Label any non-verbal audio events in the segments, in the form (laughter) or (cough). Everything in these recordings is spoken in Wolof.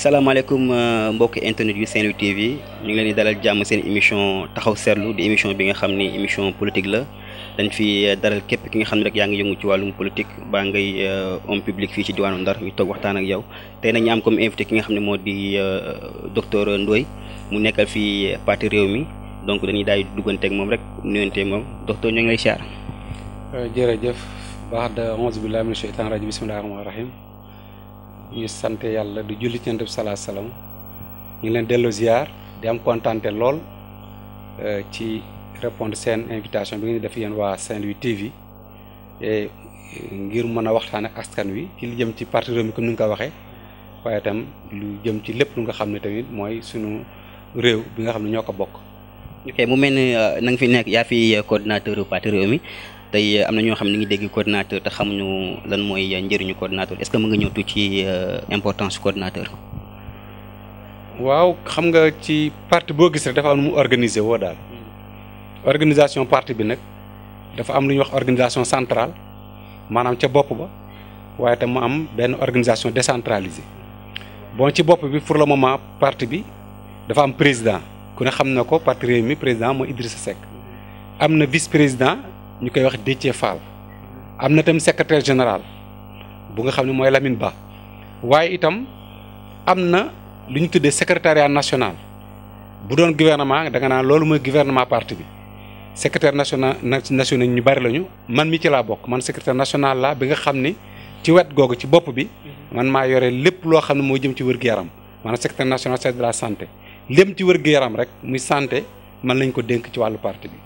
salaamaaleykum euh, mbokk internet yu Saint-Louis TV ñu ngi leen di dalal jàmm seen émission taxaw seetlu di émission bi nga xam ni émission politique la dañ fi euh, daral képp ki nga xam ne rek yaa ngi yëngu ci wàllum politique baa ngay euh, homme public fii ci diwaanu Ndar ñu toog waxtaan ak yow tey nag ñu am comme invité ki nga xam ne moo di docteur ndooy mu nekkal fii parti réew mi donc dañuy daay dugganteeg moom rek nuyonteeg moom docteur ñoo ngi lay siyaar. jërëjëf baax da auzu billaahi mina sheytaani rajiim bismillaahi ñu sant yàlla di julli ci ndëb salaa salaam ñu leen dellu ziar di am kontante lool euh, ci répondre seen invitation bi ngeen def yéen waa Saint-Louis TV euh, ngir mën a waxtaan ak askan wi ci lu jëm ci parti Rewmi comme ni nga ko waxee waaye itam lu jëm ci lépp lu nga xam ne tamit mooy sunu réew bi nga xam ne ñoo ko bokk. ok mu mel ni euh, na nga fi nekk yaa fi coordinateur parti Rewmi tey am na ñoo xam ne ñu ngi dégg coordinateur te xamuñu lan mooy njëriñu coordinateur est-ce que mën nga ñëw tuuti ci euh, importance coordinateur. waaw xam nga ci parti boo gis rek dafa am lu mu organiser woo daal organisation parti bi nag dafa am lu ñuy wax organisation centrale maanaam ca bopp ba waaye te mu am benn organisation décentralisée bon ci bopp bi pour le moment parti bi dafa am président ku ne xam na ko parti mi président mooy Idrissa Seck am na vice président. ñu koy wax Déthié Fall am na tam secrétaire général bu nga xam ne mooy Lamine Ba waaye itam am na lu ñu tuddee secrétariat national bu doon gouvernement da nga naan loolu mooy gouvernement parti bi secrétaire national national ñu bari lañu man mi ci laa bokk man secrétaire national la bi nga xam ni ci wet googu ci bopp bi man maa yore lépp loo xam ne moo jëm ci wér yaram maanaam secrétaire national c'est de la santé lépp ci wér yaram rek muy santé man lañ ko dénk ci wàllu parti bi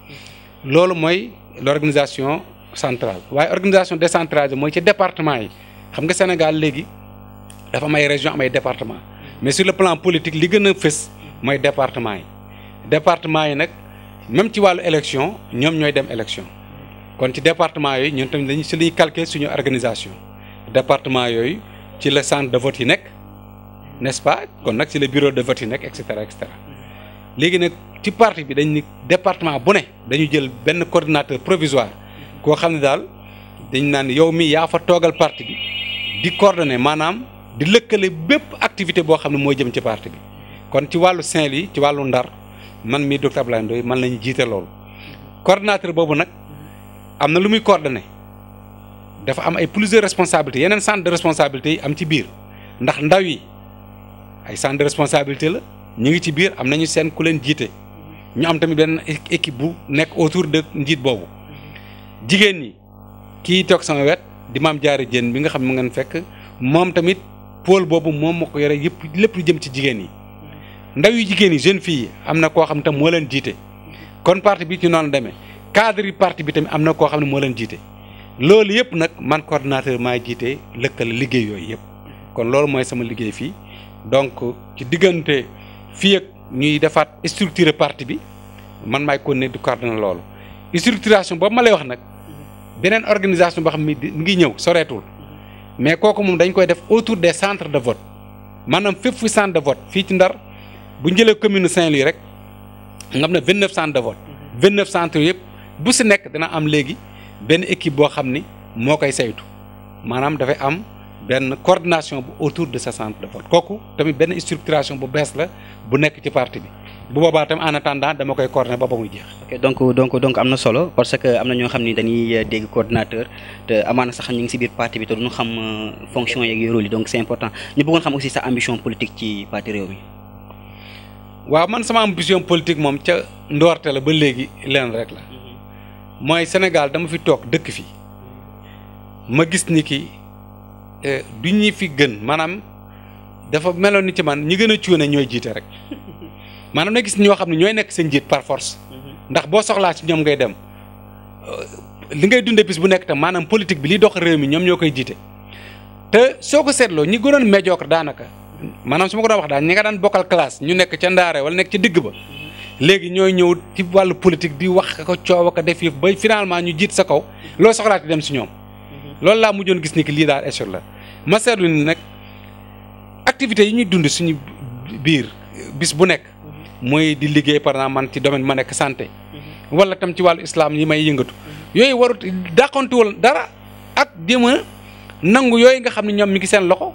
L'organisation centrale Mais organisation décentralisée c'est le département yi xam nga Sénégal il dafa am région a un département mais sur le plan politique li gën a fës le département Le département yi nag même si on élection l'élection, ñooy dem élection kon ci département yooyu ñun le dañu si calquer suñu organisation département c'est le centre de vote n'est-ce pas kon le ci bureau de vote etc. léegi nag ci parti bi dañ ni département bu ne dañu jël benn coordinateur provisoire koo xam ne daal dañ naan yow mi yaa fa toogal parti bi di coordonné maanaam di lëkkale bépp activité boo xam ne moo jëm ci parti bi kon ci wàllu saint li ci wàllu Ndar man mii docteur Abdoulaye man lañu ñu jiite loolu coordonnateur boobu nag am na lu muy coordonné dafa am ay plusieurs responsabilités yeneen centre de responsabilité yi am ci biir ndax ndaw yi ay centre de responsabilité la ñu ngi ci biir am nañu seen ku leen jiite ñu am tamit benn équipe bu nekk autour de njiit boobu jigéen ñi kii toog sama wet di maam jaare jén bi nga xam ne mu ngeen fekk moom tamit pôle boobu moom moo ko yore yëpp lépp lu jëm ci jigéen yi ndaw yu jigéen yi jeune fille am na koo xam ne tam moo leen jiite kon parti bi ci noonu demee cadre yi parti bi tamit am na koo xam ne moo leen jiite loolu yëpp nag man coordinateur maay jiite lëkkal liggéey yooyu yëpp kon loolu mooy sama liggéey fii fii ak ñuy defaat structurer parti bi man maay kon ne du cardinal loolu structuration boobu ma lay wax nag beneen organisation boo xam ni mi ngi ñëw soreetul mais kooku moom dañ koy def autour des centres de vote maanaam fépp fu centre de vote fii ci Ndar bu ñu jëlee commune Saint-Louis rek nga am na vingt neuf centres de vote vingt centre centres yëpp bu si nekk dina am léegi benn équipe boo xam ni moo koy saytu maanaam dafay am benn coordination bu autour de ce de vote kooku tamit benn structuration bu bees la bu nekk ci parti bi bu boobaa tam en dama koy coordonné ba ba muy jeex. ok donc donc donc na solo parce que am na ñoo xam ni dañuy euh, dégg coordinateur te amaana sax ñu ngi si biir parti bi te duñu xam euh, fonction yeeg rôle yi donc c' important ñu bëggoon xam aussi sa ambition politique ci parti réew mi. waaw man sama ambition politique moom ca ndoorte la ba léegi leen rek la mhm. mooy Sénégal dama fi toog dëkk fii ma gis ni ki Eh, du ñi fi gën manam dafa meloni ci man ñi gëna a cuune ñooy rek (laughs) manam na gis ñoo xamni ñoy nek seen jitt par force mhm. ndax bo soxla ci ñom ngay dem eh, li ngay dundé bis bu nek ta manam politique bi li dox réew mi ñom ñokay jité té te sétlo ñi gënon médiocre danaka manam suma ko doon wax da ñi nga daan bokal classe ñu nek ci ndaare wala nek ci digg ba mhm. légui ñoy ñëw ci walu politique di wax ko ciow ko def yef ba finalement ñu jitt sa kaw lo soxla ci dem ci ñom loolu laa mujjoon gis ni ki lii daal échec la ma seetlu ni nag activités yi ñuy dund suñu biir bis bu nekk mooy di liggéey par exemple man ci domaine ma nekk santé mhm. wala tam ci wàllu islaam yi may yëngatu yooyu warut dàqantuwul dara ak jéem a nangu yooyu nga xam ne ñoom mi ngi seen loxo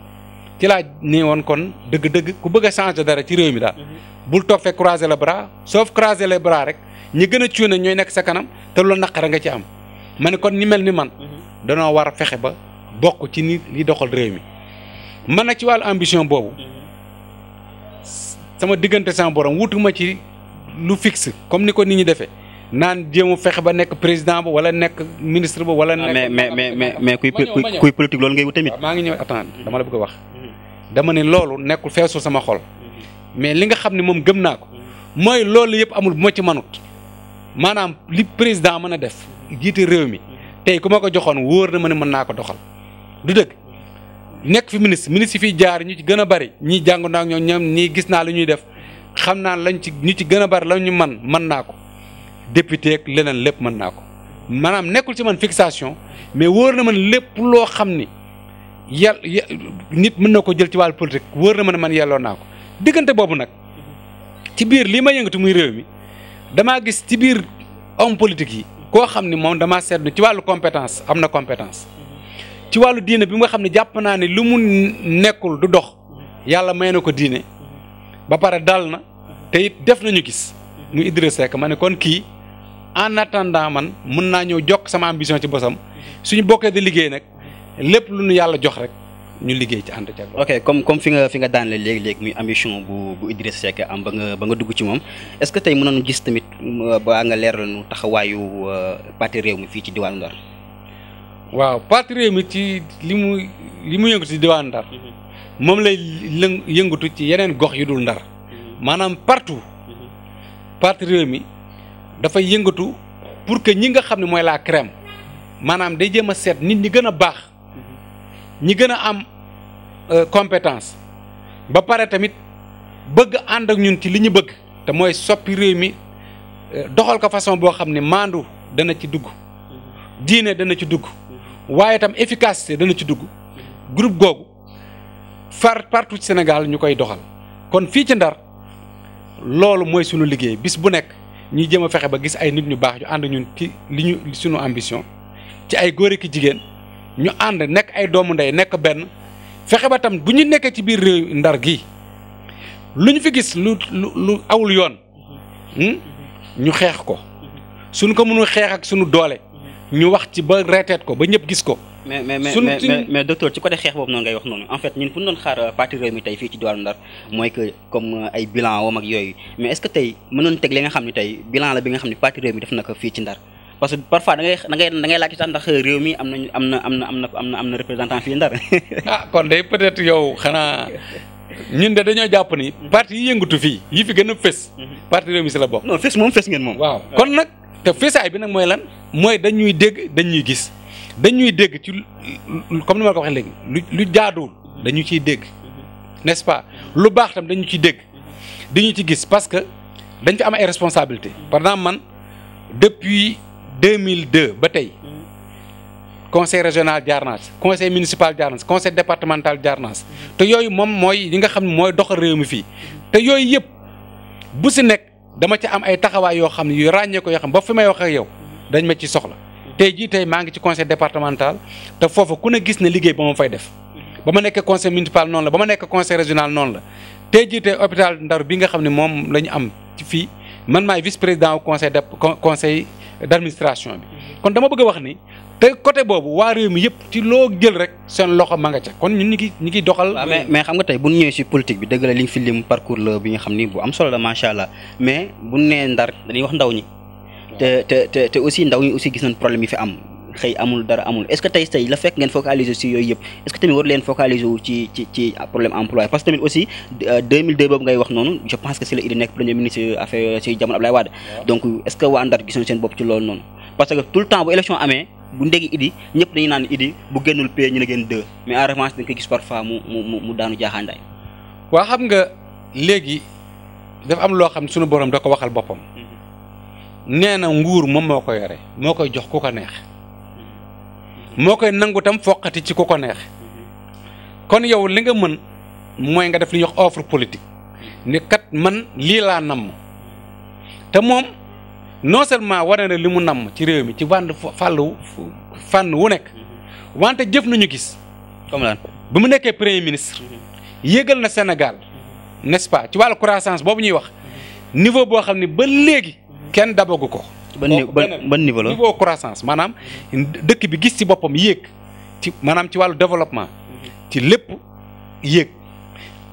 ci laa nee woon kon dëgg-dëgg ku bëgg a changer dara ci réew mi daal mhm. bul toog fekk croiser la bras sauf croiser les bras rek ñi gën a cuune ñooy nekk sa kanam te lu naqara nga ci am danoo war a fexe ba bokk ci ni li doxal réew mi man na ci wàllu ambition boobu sama diggante sama borom wutuma ci lu fixe comme ni ko nit ñi defee naan jéem a fexe ba nekk président ba wala nekk ministre ba wala. Ah, mais mais mais mais kuy kuy loolu ngay wut tamit. Ah, maa ngi ñëw attendre dama la bëgg a wax mhm. dama ne loolu nekkul feesul sama xol mhm. mais li nga xam ne moom gëm naa ko mhm. mooy loolu yëpp amul bu ma ci manut maanaam li président mën a def jiite réew mi. tey ku ma ko joxoon wóor na ma ne mën naa ko doxal du dëgg nekk fi ministre ministre fi jaar ñu ci gën a bari ñi jàngu naa ak ñoom ñoom ñii gis naa lu ñuy def xam naa lañ ci ñu ci gën a bari la ñu man mën naa ko député ak leneen lépp mën naa ko maanaam nekkul ci man fixation mais wóor na man lépp loo xam ni yàlla ya, nit mën na ko jël ci wàllu politique wóor na ma ne man yelloo naa ko diggante boobu nag ci biir li ma yëngatu muy réew mi damaa gis ci biir homme politique yi koo xam ni moom damaa seetlu ci wàllu compétence am na compétence ci wàllu diine bi nga xam ne jàpp naa ne lu mu nekkul du dox yàlla may na ko diine ba pare dal na te it def nañu gis mu Idrissa Seck ma ne kon kii en attendant man mën naa ñëw jokk sama ambition ci bosam suñu bokkee di liggéey nag lépp lu nu yàlla jox rek. ñu liggéey ci ànd ceeg ok comme comme fi nga fi nga daan la léegi léegi muy ambition bu bu Idriss Seck am ba nga ba nga dugg ci moom est-ce que tey mënoon gis tamit euh, ba nga leeral nu taxawaayu euh, parti réew mi fii ci diwaan Ndar. waaw parti mi ci li mu li mu yëngatu ci diwaan Ndar. Mhm. moom lay lëng yëngatu ci yeneen gox yu dul Ndar. Mhm. maanaam partout. Mhm. parti mi dafay yëngatu pour que ñi nga xam ne mooy la crème maanaam day jéem a seet nit ñi gën a baax. ñi gëna am euh, compétence ba paré tamit bëgg and ak ñun ci li ñu bëgg té moy soppi réew mi euh, doxal ko façon bo xam ne mandu dana ci dugg diiné dana ci dugg waaye tam efficacité dana ci dugg groupe gogou far partout Sénégal ñukoy doxal kon fi ci Ndar lolu moy suñu liggéey bis bu nek ñi jëma fexé ba gis ay nit ñu bax ju and ñun ci liñu suñu ambition ci ay goor ki jigen ñu ànd nekk ay doomu ndey nekk benn fexe ba tamit bu ñu nekkee ci biir réew ndar gi lu ñu fi gis lu lu lu awul yoon hmm, ñu xeex ko suñ ko mënul xeex ak suñu doole ñu wax ci ba reeteet ko ba ñëpp gis ko. mais mais mais mais docteur ci côté xeex boobu noonu ngay wax noonu en fait ñun fu ñu doon xaar euh, parti réew mi tey fii ci diwaanu Ndar mooy que comme euh, ay bilan wam ak yooyu mais est-ce que tey teg li nga xam ne tey bilan la bi nga xam ne parti réew def na ko fii ci Ndar. parce que parfois da ngay da ngay da ngay laaj sax ndax réew mi am nañu am na am na am na am na am na représentant fii Ndar. (laughs) ah kon day peut-être yow xanaa ñun de dañoo jàpp ni. parti yi yëngatu fii yi fi gën a fës. Mhm. parti réew mi si la bokk. non fës moom fës ngeen moom. waaw kon nag te fësaay bi nag mooy lan mooy dañuy dégg dañuy gis dañuy dégg ci comme ni ma la ko waxee léegi lu lu jaaduwul dañu ciy dégg mhm. n'est-ce pas lu baax tam dañu ci dégg dañu ci gis parce que dañ fi am ay responsabilité par exemple man depuis. 2002 le conseil régional de conseil municipal de conseil départemental d'arnas naa vous te yooyu moi mooy li nga xam ne doxal réew am ay taxawaay yo yu ko yo xam ba fi yo wax ak yow dañ ma ci conseil départemental te foofu ku ne gis ne ligue ba fay def Bama conseil municipal non la bama ma conseil régional non la hôpital ne am man vice président conseil conseil d'administration bi kon dama bëgg wax ni té côté bobu wa réew mi yépp ci lo jël rek seen loxo ma nga ca kon ñun ñi ngi ñi ngi doxal. mais mais xam nga tay bu ñëw ci politique bi dëgg la li fi lim parcours le bi nga xam ni bu am solo la sha allah mais bu né ndar dañuy wax ndaw ñi. té té té aussi ndaw ñi aussi gis nañ problème yi fi am xey amul dara amul est ce que tay tay la fek ngeen focaliser ci yoy yëpp est ce que tamit war leen focaliser ci ci ci problème emploi parce que tamit aussi 2002 euh, bob ngay wax noonu je pense que c'est le il nek premier ministre euh, affaire euh, ci jamon ablay wad donc est ce que waa Ndar gisoon sen bopp ci loolu non parce que tout le temps bu élection amé bu ndegi idi ñep dañuy naan idi bu gennul pay ñu ne génn deux mais en revanche dañ ko gis parfois mu mu mu daanu jaxanday wa xam nga léegi dafa am lo xam suñu borom da ko waxal bopam mm-hmm. nee nguur mom moko ko moko jox ku neex moo koy nangu tam foqati ci ku ko neex kon yow li nga mën mooy nga def li ñuy wax offre politique ni kat man lii laa namm te moom non seulement wane na li mu namm ci réew mi ci wànn fàll fànn wu nekk wante jëf nañu gis comme lan mu nekkee premier ministre yëgal na Sénégal n'est-ce pas ci wàllu croissance boobu ñuy wax niveau boo xam ne ba léegi kenn dabagu ko ban ban niveau la niveau croissance maanaam dëkk bi gis ci boppam yéeg ci maanaam ci wàllu développement ci lépp yéeg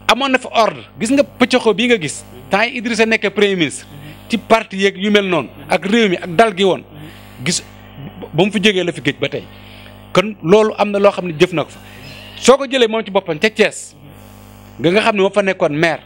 amoon na fa ordre gis nga pëccoxoo bii nga gis temps Idrissa nekkee premier ministre ci parti yeeg yu mel noonu ak réew mi ak dal gi woon gis ba mu fi jógee la fi géej ba tey kon loolu am na loo xam ne jëf na ko fa soo ci boppam nga nga xam ne fa nekkoon maire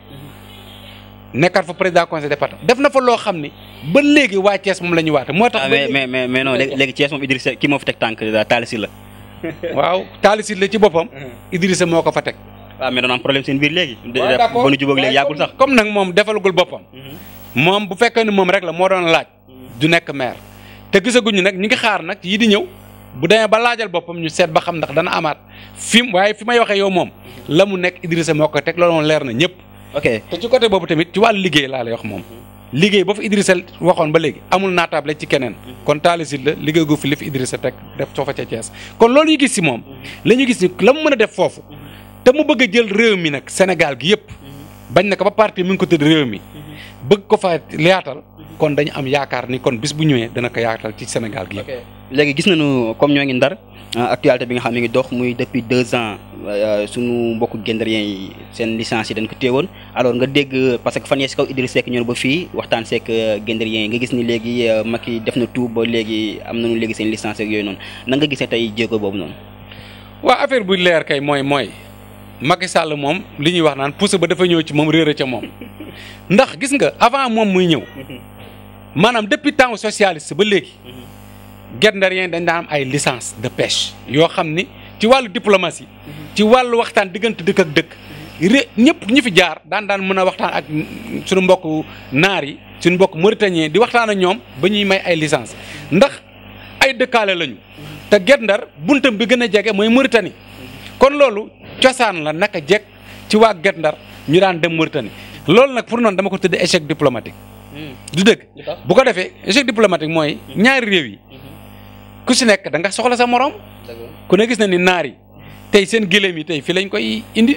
nekkaat fa président conseil département def na fa loo xam ne ba léegi waa Thiès moom la ñu waate moo tax ah, mais mais mais non léegi Thiès moom Idrissa ki moo fa teg tànk euh, taalisi la (laughs) waaw taalisi la ci boppam mm-hmm. Idrissa moo ko fa teg waaw ah, mais doon am problème seen biir léegi ba nu jubóog léegi yàggul sax comme nag moom defalagul boppam mm-hmm. moom bu fekkee ne moom rek la moo doon laaj du nekk maire te gisaguñu nag ñu ngi xaar nag yii di ñëw bu demee ba laajal boppam ñu seet ba xam ndax dana amaat fi waaye fi may waxee yow moom la mu nekk Idrissa moo ko teg loolu leer na ñëpp ok te ci côté boobu tamit ci wàllu liggéey laa lay wax moom. liggéey ba fa Idrissa waxoon ba léegi amul naataable ci keneen kon taalisid la liggéey gu fi li fi Idrissa teg def soo fa ca Thiès kon loolu ñu gis si moom la ñu gis ni la mu mën a def foofu te mu bëgg a jël réew mi nag Sénégal gi yëpp bañ na ko ba parti mu ngi ko tëdd réew mi bëgg ko fa yaatal kon dañu am yaakaar ni kon bis bu ñëwee dana ko yaatal ci Sénégal gi yëpp léegi gis nañu comme ñoo ngi ndar ah, actualité bi nga xam ne ngi dox muy depuis 2 ans suñu mbokk gendrien yi sen licence yi dañ ko téwon alors nga dégg parce que fan yee kaw Idriss Seck ñëw ba fi waxtaan seek euh, gendrien nga gis ni léegi euh, maki def na tout ba léegi am nañu léegi sen licence ak yoy non na nga gisé tay jéego bobu non wa affaire bu leer kay moy moy Macky Sall mom li ñuy wax naan pousse ba dafa ñëw ci mom rëré ci mom (laughs) ndax gis nga avant mom muy ñëw manam mhm. depuis temps socialiste ba légui mhm guetndarien dañ dendam am ay licence de pêche yo xamni ci walu diplomatie ci walu waxtan diggante dëkk ak dëkk ñepp ñi fi jaar daan daan mëna waxtan ak suñu mbokk naar yi suñu mbokk mauritanien di waxtaan ak ñoom may ay licence ndax ay dekkale lañu te guetndar buntam bi gëna a moy mauritanie kon lolu ciosan la naka jek ci waa guetndar ñu daan dem mauritanie lolu nak pour non dama ko tuddee échec diplomatique hmm. du deug bu ko défé échec diplomatique moy ñaari réew yi ku si nekk da nga soxla sa morom. ku ne gis na ni naar yi tey seen gëlëm yi tey fi lañ koy indi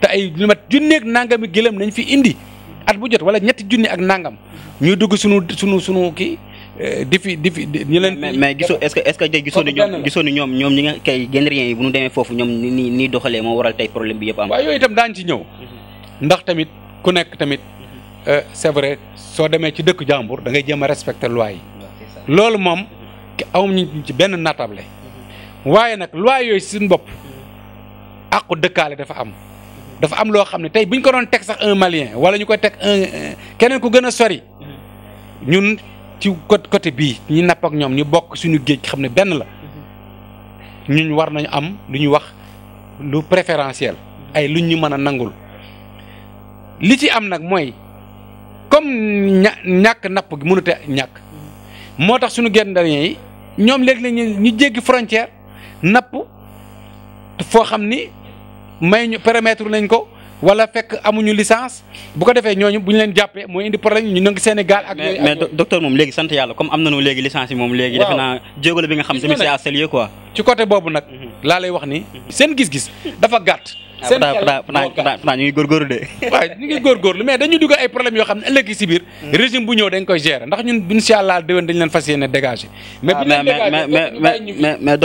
te ay lu mat nangam nangami gëlëm nañ fi indi at bu jot wala ñett junne ak nangam ñu dugg sunu sunu sunu kii. Eh, di fi di ñu leen. mais mais gisoo est-ce que est-ce que tey gisoo ni ñoom gisoo ñoom ñi nga kay générien yi bu ñu demee foofu ñoom ni nii doxalee moo waral tey problème bi yëpp am. waaw yooyu itam daañu ci ñëw. ndax tamit ku nekk tamit eh, c'est vrai soo demee ci dëkk jàmbur da ngay jéem a respecter loi yi. amuñu ci benn naatable waaye nag loi yooyu suñ bopp ko dëkkaale dafa am dafa am loo xam ne tey bu ñu ko doon teg sax un malien wala ñu ko teg un keneen ku gën a sori ñun ci côté bii ñi napp ñoom ñu bokk suñu géej xam ne benn la ñun war nañu am lu ñuy wax lu préférentiel ay luñ ñu mën a nangul li ci am nag mooy comme ña napp gi mënut a ñàkk moo tax suñu gendarme yi ñoom léeg-léeg ñu ñu jéggi frontière napp foo xam ni may ñu permettre nañ ko wala fekk amuñu licence bu ko defee ñooñu bu ñu leen jàppee mooy indi problème ñu nangu Sénégal ak. mais mais moom léegi sant yàlla comme am nañu léegi licence yi moom. léegi defe naa jéego la bi nga xam tamit c'est à saluer quoi. ci côté boobu nag. Mhm. laa lay wax ni seen gis-gis dafa gàtt. Ah, seen xel ñu ngi góorgóorlu de. (laughs) ñu ngi góorgóorlu mais dañu dugal ay problèmes yoo xam ne ëllëg si biir. Mm. régime bu ñëw dañ koy gérer ndax ñun incha allah déwén dañu leen fas yéene dégager. mais ah, bu ñu leen dégager mais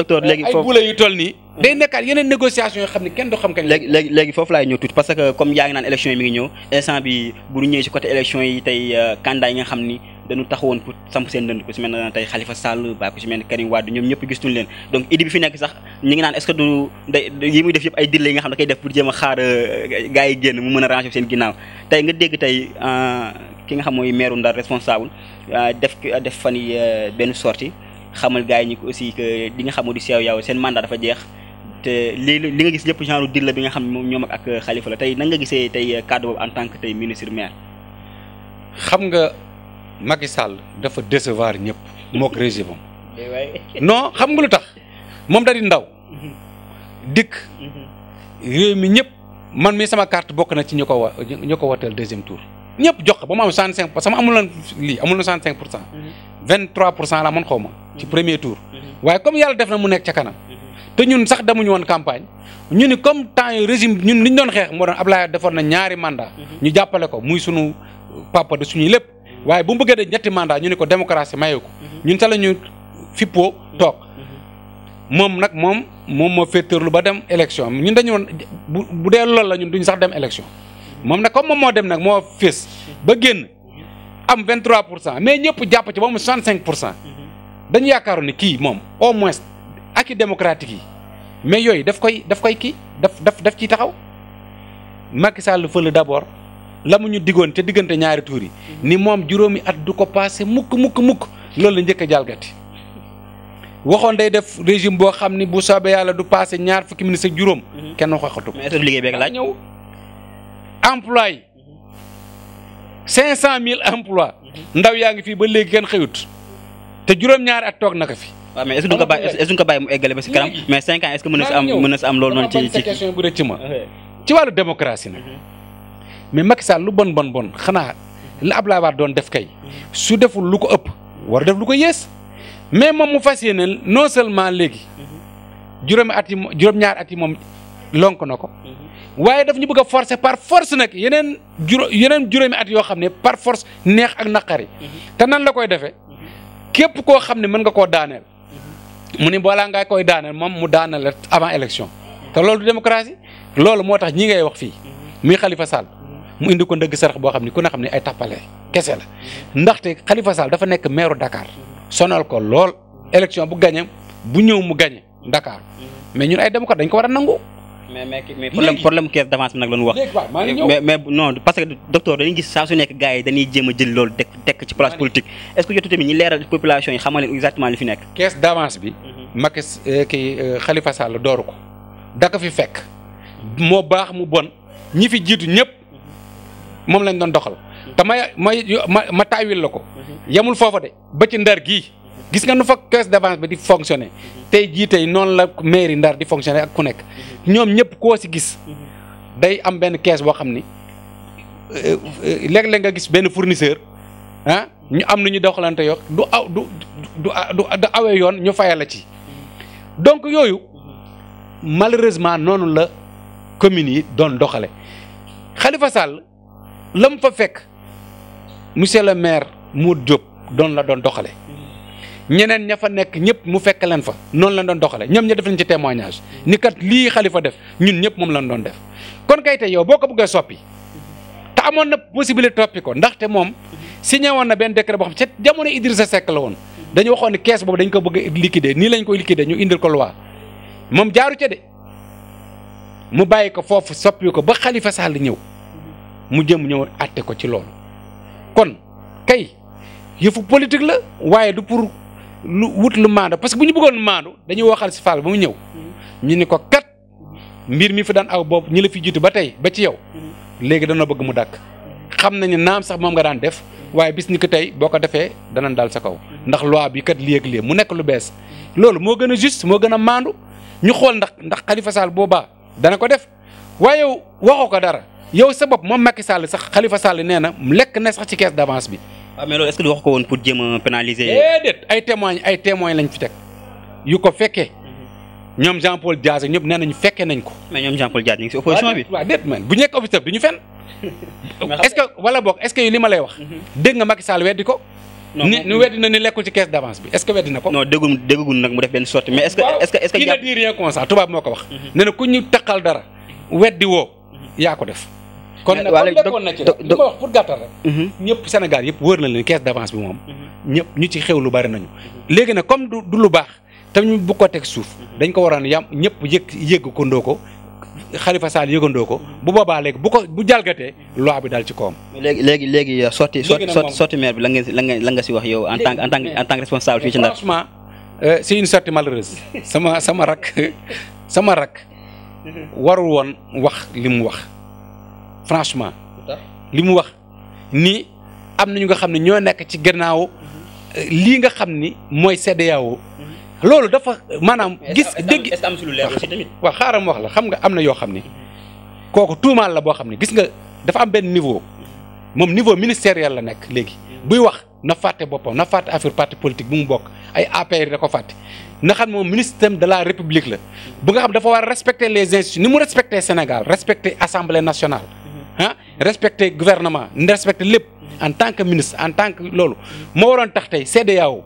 foofu ay buule yu nii. Mm. day nekkaat yeneen négociation yoo xam ne kenn du xam kañ. léegi léegi léegi foofu laay ñëw tuuti parce que comme yaa ngi naan élection yi mi ngi ñëw instant bi bu ñu ñëwee si côté élection yi tey euh, candidat nga xam ni dañu taxawon pour samp sen dënd ku ci mel na Khalifa Sall ba ku ci melni ne Karim Wade ñoom ñëpp gistuñu leen donc idi bi fi nek sax ñi ngi naan est ce que du yi muy def yëpp ay dil yi nga xam da koy def pour jema xaar euh, gaay yi génn mu mëna a ranger seen ginnaaw tey nga dégg tey euh, ki nga xam moy maire Ndar responsable euh, def def fan yi benn sortie xamal gaay ñi ko aussi que di nga xam di sew yaw sen mandat dafa jeex te li li nga gis lépp genre dil la bi nga xam ñom ak Khalifa la tay na nga gisee tay cadre en tant que tay ministre maire xam nga Macky Sall dafa décevoir ñep mok régime eh non xam nga lutax mom moom da di ndaw mhm. dik mhm. réew mi ñep man mi sama carte bok na ci ñuko ñuko wa ñu ko deuxième tour ñep jox ba mu am 65 sama amul na lii amul na 65 23 la man xoma ci mhm. premier tour waye comme yalla def na mu nek ci kanam te ñun sax ñu won campagne ñu ni comme temps régime ñun niñ doon xex mo doon Ablaye defoon na ñaari mandat ñu jappalé ko muy suñu papa de suñu lépp waye bu bëggé bëggee ñetti mandat ñu ne ko démocratie maye ko mhm. ñun ta lañu fippo tok mom mhm. nak mom mom mo moo féeteerlu ba dem élection ñun dañu bu dé lool la ñun duñ sax dem élection mom mhm. nak comme mo dem nak mo fess ba génn am 23 mais ñëpp japp ci mom 65 dañu yaakaaroon ni ki mom au moins ak démocratique yi mais yoy daf koy daf koy ki daf daf daf ciy taxaw Macky Sall feul d'abord lamu ñu digon te digënté ñaari tour yi ni mom juroomi at du ko passé mukk mukk mukk loolu la ñëkk jalgati waxon day def régime bo xamni bu soobee yalla du passé ñaar fukki minute ak juroom mhm. kenn waxatu xatu mais liggéey bék la ñew emploi 500000 emploi ndaw yaangi fi ba légui kenn xeyut te juroom ñaar at tok naka fi. wa mais est-ce que duñ ko est-ce que nga bay mu égalé ba ci kanam mais 5 ans est-ce que mëna am mëna am loolu non ci ci question ci walu démocratie nak mhm. mais Macky Sall lu bon bon bon xanaa la laa Wade doon def kay su deful lu ko ëpp war def lu ko yées mais moom mu fas yéene non seulement léegi juróomi at yi juróom-ñaari at yi moom lonk na ko waaye daf ñu bëgg a par force nag yeneen juró yeneen juróomi at yoo xam ne par force neex ak naqari te nan la koy defee képp koo xam ne mën nga koo daaneel mu ni boolaa nga koy daaneel moom mu daaneel avant élection te loolu du démocratie loolu moo tax ñi ngay wax fii muy Khalifa Sall mu indi ko ndëgg sarax boo xam ne ku ne xam ne ay tappale kese la ndaxte Khalifa Sall dafa nekk maire dakaar sonal ko lool élection bu gagné bu ñëw mu gagné Dakar mais ñun ay démocrate dañ ko war a nangu. mais mais problème problème caisse d'avance bi nag la ñu wax. mais mais non parce que docteur dañuy gis saa su nekk gars yi dañuy jéem a jël loolu dekk dekk ci place politique est-ce tamit ñi leeral population yi xamal exactement li fi nekk. caisse d'avance bi. Mhm. Macky euh, kii euh, Khalifa ko. da fi fekk. moo baax mu bon ñi fi jiitu ñëpp. moom lañ doon doxal te may may ma ma taawil la ko yamul foofa de ba ci ndar gii gis nga nu fa caisse d'avance bi di fonctionner tey jii tey noonu la mairie ndar di fonctionner ak ku nekk ñoom ñëpp koo si gis day am benn caisse boo xam ni eh, léeg-léeg nga gis benn fournisseur ah ñu am na ñu doxalante yoo du aw du du du awee yoon ñu fayal la ci donc yooyu malheureusement noonu la communes yi doon doxale Khalifa Sall lam fa fek monsieur le maire Modou Diop don la don doxale ñeneen ña fa nek ñëpp mu fek leen fa non la don doxale ñom ña def nañ ci témoignage ni kat li khalifa def ñun ñëpp mom lañ don def kon kay tay yow boko bëgg soppi ta amone possibilité toppi ko té mom signé woon na benn décret bo xam ci jamono Idrissa sek la won dañu waxone caisse bobu dañ ko bëgg liquider ni lañ koy liquider ñu indil ko loi mom jaaru ci dé mu bayiko fofu soppi ko ba khalifa Sall ñew mu jëm ñëw àtte ko ci loolu kon kay yëfu politique la waaye du pour lu wut lu maandu parce que bu ñu bëggoon maandu dañuy waxal si Fall ba mu ñëw ñu ni ko kat mbir mi fi daan aw bopp ñi la fi jiitu ba tey ba ci yow léegi dana bëgg mu dàkk xam nañu naam sax moom nga daan def waaye bis ni ko tey boo ko defee danañ daal sa kaw ndax loi bi kat lii ak lii mu nekk lu bees loolu moo gën a juste moo gën a maandu ñu xool ndax ndax Khalifa Sall boobaa dana ko def waaye waxoo ko dara. yow sa bopp moom Macky Sall sax Khalifa Sall nee na lekk na sax ci caisse d' avance bi. waaw ah, mais wax ko woon pour jéem a pénaliser. déedéet ay témoignes ay témoins lañ fi teg yu ko fekkee ñoom Jean Paul Diaz ak ñëpp nee nañu fekkee nañ ko. mais ñoom Jean Paul Diaz ñu ngi si opposition bi. bu ñu nekk du ñu fenn. est ce boog est ce que ma lay wax. Mhm. dégg nga Macky Sall weddi ko. ni weddi na ni lekkul ci caisse d' bi est weddi na ko. non déggul déggul nag mu def benn sortie mais est ce que. tubaab moo ko wax. Mhm. nee na ku ñu dara weddi woo mhm. yaa ko def kon nag comme nekkoon na ñëpp Sénégal yëpp wër na leen caisse d'avance bi moom. Mhm. ñëpp ñu ci xew lu bari nañu. léegi nag comme du lu baax te ñu bu ko teg suuf. Mhm. dañ ko waroon yam ñëpp yëg yëg ko ndoo ko. Xalifa Sall yëgandoo ko mhm. bu boobaa léegi bu ko bu jalgatee loi bi daal ci kawam. léegi léegi léegi euh, sotti sotti sotti maire bi la nga la nga la nga si wax yow en tant que en tant que en tant que responsable fii ci Ndar. franchement euh, c'est une sortie malheureuse sama sama rak (laughs) sama rak warul woon wax li mu wax. franchement. li mu wax ni am na ñu nga xam ne ñoo nekk ci gannaaw euh, lii nga xam ni mooy CEDEAO mhm. loolu dafa maanaam. gis dégg est am si lu leer aussi tamit. waaw xaaram wax la xam nga am na yoo xam ni kooku tuumaal la boo xam ni gis nga dafa am benn niveau moom niveau ministériel la nekk léegi buy wax. na fàtte boppam na fàtte affaire parti politique bu mu bokk ay APR da ko fàtte na xam moom ministre de la république la bu nga xam dafa war a respecter les institutions ni mu respecter Sénégal respecter assemblée nationale ah respecté gouvernement respecté lépp en tant que ministre en tant que loolu moo waroon tax tey CEDEAO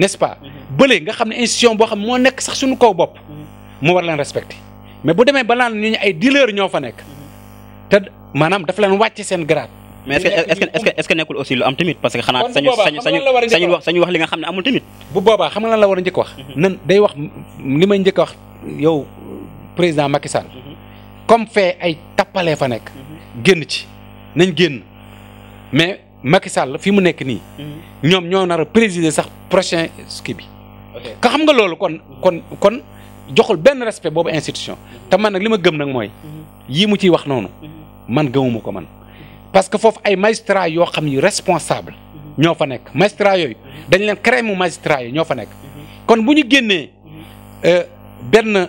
n'est-ce pas bële nga xam ne institution boo xam moo nekk sax suñu kaw bopp moo war leen respecté mais bu demee ba naan ay dealer ñoo fa nekk te maanaam dafa leen wàcce seen grade mais est-ce que lu am tamit parce que xanaa sañu sañu sañu wax sañu wax li nga xam ne amul tamit bu boobaa xam nga lan la war a njëkk wax mhm. nan day wax li may njëkk wax yow président Macky Sall comme fee ay tappalee fa nekk. Mhm. génn ci nañ génn mais Macky Sall fi mu nekk nii. Mhm. ñoom ñoo nar a présider sax prochain ski bi. ka xam nga loolu kon kon kon joxul benn respect boobu institution. te man nag li ma gëm nag mooy. Mhm. yii mu ciy wax noonu. man gëmuma ko man. parce que foofu ay magistrat yoo xam ni responsable. ñoo fa nekk magistrat yooyu. dañ leen créé mu magistrat yi ñoo fa nekk. kon bu ñu génnee euh, benn.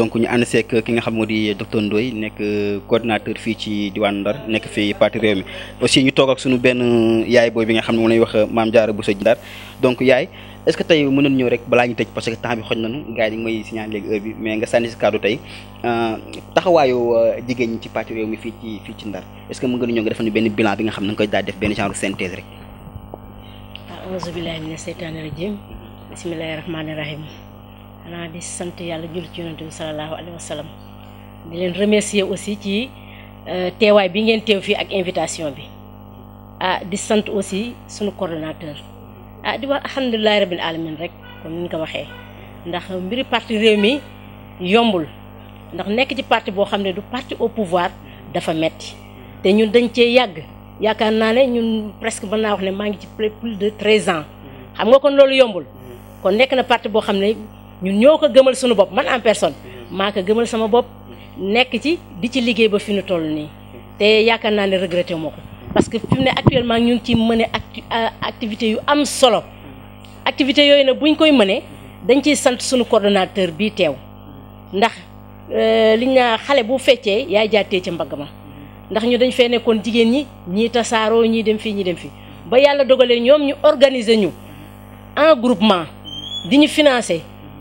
donc ñu and sék ki nga xam mo di docteur Ndoy nek coordinateur fi ci diwan Ndar nek fi parti réew mi aussi ñu tok ak suñu ben yaay boy bi nga xam mo lay wax mam jaara bu Bousso Ndar donc yaay est ce que tay mënon ñëw rek bala ñu tej parce que temps bi xoj nañu gaay di ngi may signal léegi heure bi mais nga sànni si kaddu tey euh, taxawaayu euh, jigéen ñi ci parti réew mi fi ci fi ci Ndar est ce que mën nga ñëw nga def ni ben bilan bi nga xam nañ koy daal def ben genre synthèse rek. a'udhu billahi minash shaitanir rajim bismillahir rahmanir rahim xanaa di sant yalla jul ci yunus sallallahu alaihi wasallam wa di len remercier aussi ci euh, teway bi ngeen tew fi ak invitation bi ah di sant aussi sunu coordinateur ah di wax alhamdullilah rabbil alamin rek comme ni ñu ko waxee ndax mbiri parti rew mi yombul ndax nek ci parti bo xamne du parti au pouvoir dafa metti te ñun dañ ci yàgg yakar naa ne ñun presque mën naa wax ne maa ngi ci plus de 13 ans xam nga kon lolu yombul kon nek na parti bo xamne ñu ñoo ko gëmal suñu bopp man en personne maa ko gëmal sama bopp nekk ci di ci liggéey ba fi ñu toll nii te yaakaar naa ne regretté moo ko parce que fi ne actuellement ñu ngi ci mëne euh, activité yu am solo activité yooyu nag buñ koy mënee dañ ciy sant suñu coordonnateur bii teew ndax euh, liñ naa xale bu feccee yaay jaatee ci mbagg ma ndax ñu dañ fee nekkoon jigéen ñi ñii tasaaroo ñii dem fii ñii dem fii ba yàlla dogalee ñoom ñu organiser ñu en groupement di ñu financer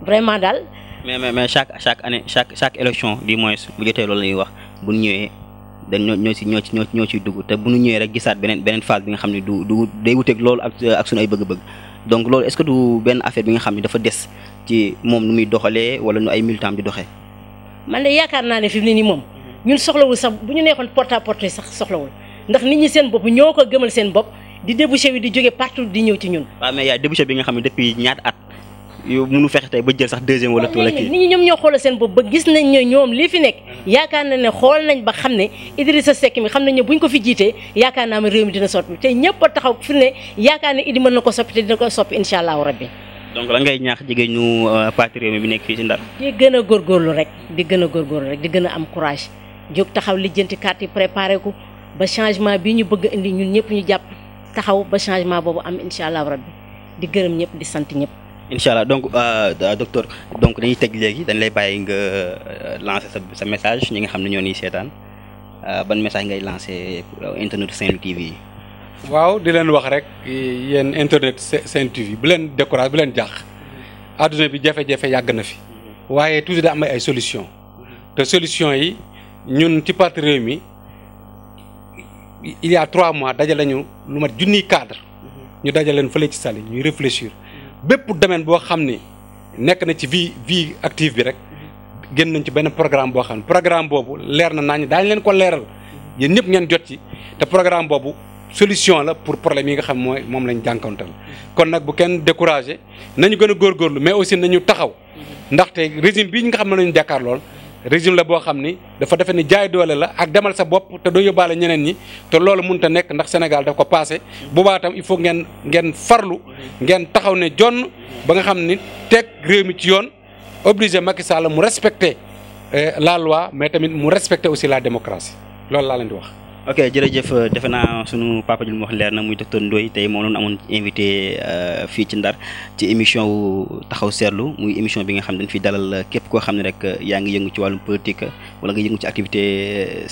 vraiment dal mais mais mais chaque chaque année chaque chaque élection bi moins bu jotté lolou lay wax bu ñëwé dañ ñoo ñoo ci ñoo ci ñoo ci dugg té bu ñu ñëwee rek gisaat benen benen phase bi nga xamni du du day wuteeg lolou ak ak suñu ay bëgg-bëgg. donc lolou est-ce que du benn affaire bi nga xamni dafa dess ci mom nu muy doxalé wala nu ay militant di doxé man de yaakaar naa ne fi mu ne ñun soxlawul sax bu ñu nekkoon porte à porte sax soxlawul ndax nit ñi seen bopp ñoo ko gëmal seen bopp di débouché wi di jóge partout di ñëw ci ñun. waaw mais yaay débouché bi nga xam ne depuis ñaat at. yow mënu fexe tey ba jël sax deuxième wala wala kii nit ñi ñoom ñoo xoolal seen bopp ba gis nañ ne ñoom lii fi nekk yaakaar na ne xool nañ ba xam ne sa Seck mi xam nañ bu buñ ko fi jiitee yaakaar naa ma réew mi dina soppi te ñëpp a taxaw fi ne yaakaar ne Idi mën na ko soppi te dina ko soppi insha allahu rabbi donc la jigéen ñu euh, parti réew nekk fii ci Ndar di gën a góorgóorlu rek di gën a góorgóorlu rek di gën a am courage jóg taxaw lijjanti carte yi préparé ko ba changement bi ñu bëgg indi ñun ñëpp ñu jàpp taxaw ba changement boobu am insha allahu rabbi di gërëm ñëpp di sant ñëpp incha allah donc euh, euh, docteur donc dañuy teg léegi dañ lay bàyyi nga euh, lancer sa sa message ñi nga xam ne ñoo ñuy seetaan ban message ngay lancer internet Saint-Louis TV yi. waaw di leen wax rek yéen internet Saint-Louis TV bu leen décourage bu leen jàq adduna bi jafe-jafe yàgg na fi waaye toujours da am ay solution te solution yi ñun ci parti mi il y trois mois dajale ñu lu mat junniy cadre ñu dajale leen fële ci sali ñuy réfléchir. bépp domaine boo xam ni nekk na ci vie vie active bi rek génn nañ ci benn programme boo xam ne programme boobu leer na nañ daañu leen ko leeral yéen ñëpp ngeen jot ci te programme boobu solution la pour problème yi nga xam mooy moom lañ jànkonteel. kon nag bu kenn découragé nañu gën a góorgóorlu mais aussi nañu taxaw ndaxte régime bii nga xam ne lañu jàkkaar lool régime la boo xam ni dafa defe ni jaay doole la ak demal sa bopp te doo yóbbaale ñeneen ñi te loolu mënut a nekk ndax Sénégal daf ko passé mm. boobaa itam il faut ngeen ngeen farlu ngeen taxaw ne jonn ba nga xam ni teg réew mi ci yoon obligé Macky Sall mu respecter eh, la loi mais tamit mu respecter aussi la démocratie loolu laa leen di wax. ok jërëjëf defe naa sunu papa jul mu wax leer na muy docteur ndoy tey moo doon amoon invité euh, fii ci ndar ci émission wu taxaw seetlu muy émission bi nga xam ne dañ fi dalal képp koo xam ne rek yaa ngi yëngu ci wàllum politique wala nga yëngu ci activité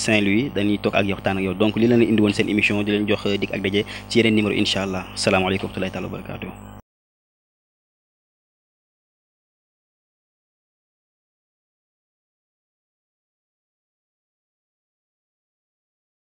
Saint-Louis dañuy toog ak yow waxtaan ak yow donc li leen indi woon seen émission di leen jox dig ak daje ci yeneen numéro incha allah salaamaaleykum wa rahmatullahi taala wa barakatuh